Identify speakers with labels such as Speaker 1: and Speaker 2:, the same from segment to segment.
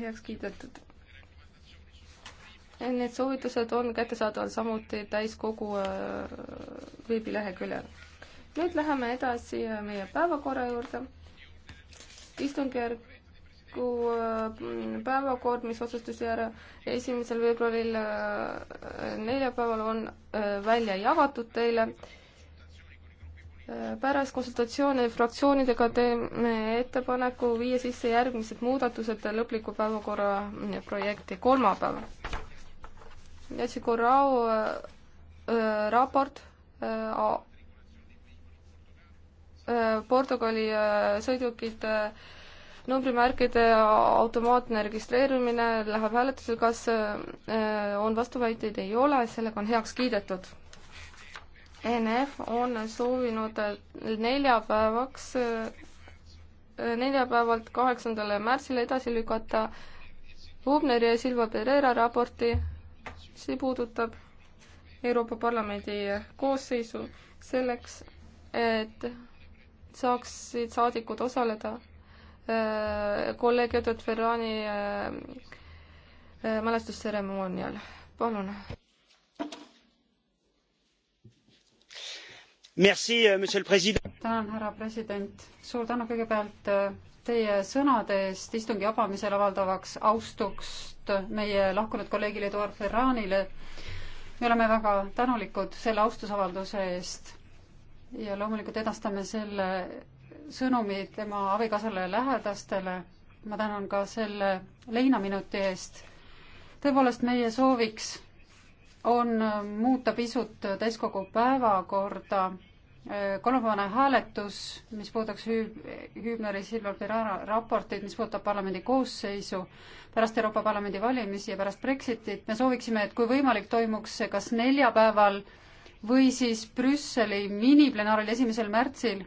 Speaker 1: heaks kiidetud. Need soovitused on kättesaadaval samuti täiskogu äh, veebileheküljel. nüüd läheme edasi äh, meie päevakorra juurde. istungjärgu äh, päevakord, mis otsustati ära esimesel veebruaril neljapäeval, on välja jagatud teile pärast konsultatsioone fraktsioonidega teeme ettepaneku viia sisse järgmised muudatused lõpliku päevakorra projekti kolmapäeval. Jessica Rao äh, äh, raport äh, äh, Portugali äh, sõidukite äh, numbrimärkide automaatne registreerimine läheb hääletusele, kas äh, äh, on vastuväiteid, ei ole, sellega on heaks kiidetud NF on soovinud neljapäevaks, neljapäevalt kaheksandale märtsile edasi lükata Hubneri ja Silva Pereira raporti. see puudutab Euroopa Parlamendi koosseisu selleks, et saaksid saadikud osaleda äh, kolleeg Edward Ferrani äh, äh, mälestustseremoonial. palun.
Speaker 2: Euh, tänan, härra president. suur tänu kõigepealt äh, teie sõnade eest istungi avamisel avaldavaks austust meie lahkunud kolleegile Eduard Ferranile. me oleme väga tänulikud selle austusavalduse eest ja loomulikult edastame selle sõnumi tema abikaasale ja lähedastele. ma tänan ka selle leinaminuti eest. tõepoolest, meie sooviks on äh, muuta pisut täiskogu päevakorda äh, kolmapäevane hääletus, mis puudutaks Hüüb-, Hüübneri Silver Pirara raportit, mis puudutab parlamendi koosseisu pärast Euroopa Parlamendi valimisi ja pärast Brexitit, me sooviksime, et kui võimalik, toimuks see kas neljapäeval või siis Brüsseli miniplenaaril esimesel märtsil,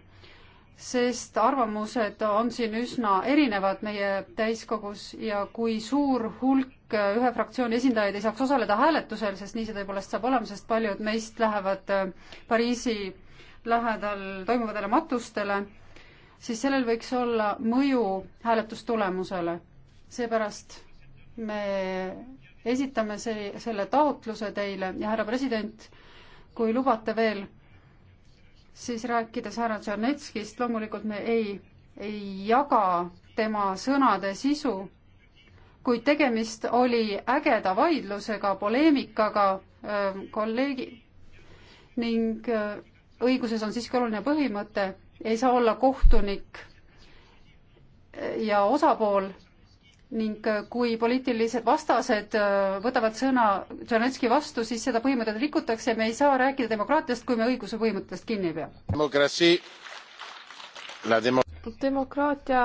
Speaker 2: sest arvamused on siin üsna erinevad meie täiskogus ja kui suur hulk ühe fraktsiooni esindajaid ei saaks osaleda hääletusel, sest nii see tõepoolest saab olema, sest paljud meist lähevad äh, Pariisi lähedal toimuvatele matustele, siis sellel võiks olla mõju hääletustulemusele. seepärast me esitame see, selle taotluse teile ja härra president, kui lubate veel, siis rääkides härra Tšernetskist, loomulikult me ei, ei jaga tema sõnade sisu, kuid tegemist oli ägeda vaidlusega, poleemikaga ähm, kolleegi ning äh, õiguses on siiski oluline põhimõte, ei saa olla kohtunik äh, ja osapool ning äh, kui poliitilised vastased võtavad sõna Tšernetski vastu, siis seda põhimõtet rikutakse, me ei saa rääkida demokraatiast, kui me õiguse põhimõttest kinni ei pea.
Speaker 1: demokraatia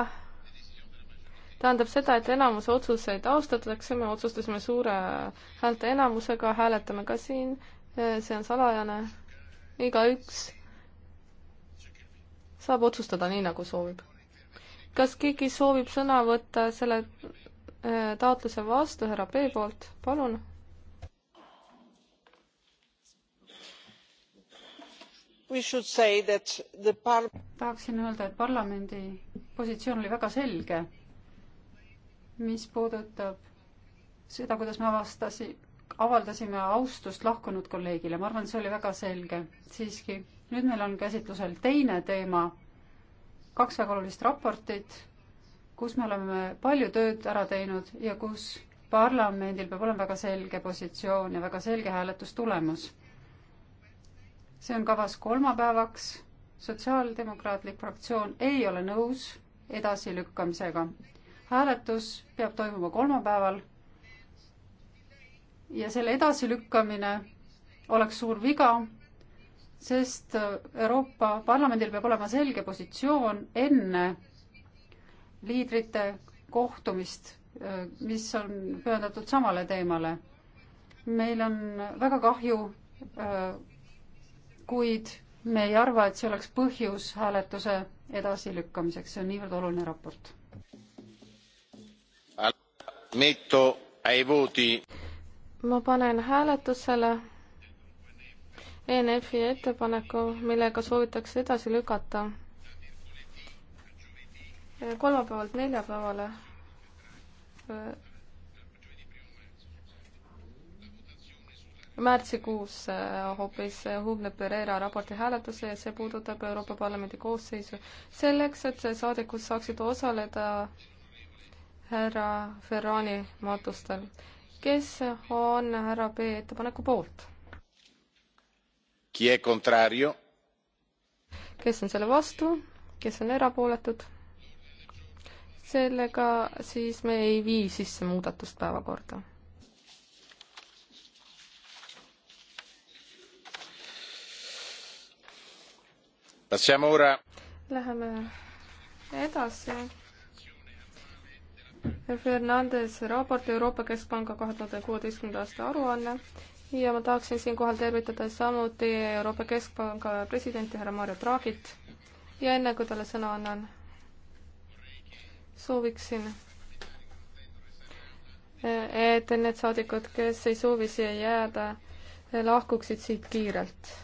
Speaker 1: tähendab seda, et enamus otsuseid austatakse, me otsustasime suure häälte enamusega, hääletame ka siin, see on salajane, igaüks saab otsustada nii, nagu soovib. kas keegi soovib sõna võtta selle äh, taotluse vastu härra B poolt, palun? tahaksin
Speaker 2: öelda, et parlamendi positsioon oli väga selge mis puudutab seda, kuidas me avastasi, avaldasime austust lahkunud kolleegile, ma arvan, see oli väga selge. siiski, nüüd meil on käsitlusel teine teema, kaks väga olulist raportit, kus me oleme palju tööd ära teinud ja kus parlamendil peab olema väga selge positsioon ja väga selge hääletustulemus. see on kavas kolmapäevaks. sotsiaaldemokraatlik fraktsioon ei ole nõus edasilükkamisega hääletus peab toimuma kolmapäeval ja selle edasilükkamine oleks suur viga, sest Euroopa Parlamendil peab olema selge positsioon enne liidrite kohtumist, mis on pühendatud samale teemale. meil on väga kahju, kuid me ei arva, et see oleks põhjus hääletuse edasilükkamiseks, see on niivõrd oluline raport
Speaker 1: metto ai voti. ma panen hääletusele ENF-i ettepaneku, millega soovitakse edasi lükata kolmapäevalt neljapäevale märtsikuus eh, hoopis Hugne Pereira raporti hääletuse ja see puudutab Euroopa Parlamendi koosseisu. selleks, et saadikud saaksid osaleda härra Ferrani matustel. kes on härra B ettepaneku poolt? kes on selle vastu, kes on erapooletud? sellega siis me ei vii sisse muudatust päevakorda. Läheme edasi Fernandes raport Euroopa Keskpanga kahe tuhande kuueteistkümnenda aasta aruanne ja ma tahaksin siinkohal tervitada samuti Euroopa Keskpanga presidenti härra Mario Draghit ja enne kui talle sõna annan, sooviksin, eh, et need saadikud, kes ei soovi siia jääda, lahkuksid siit kiirelt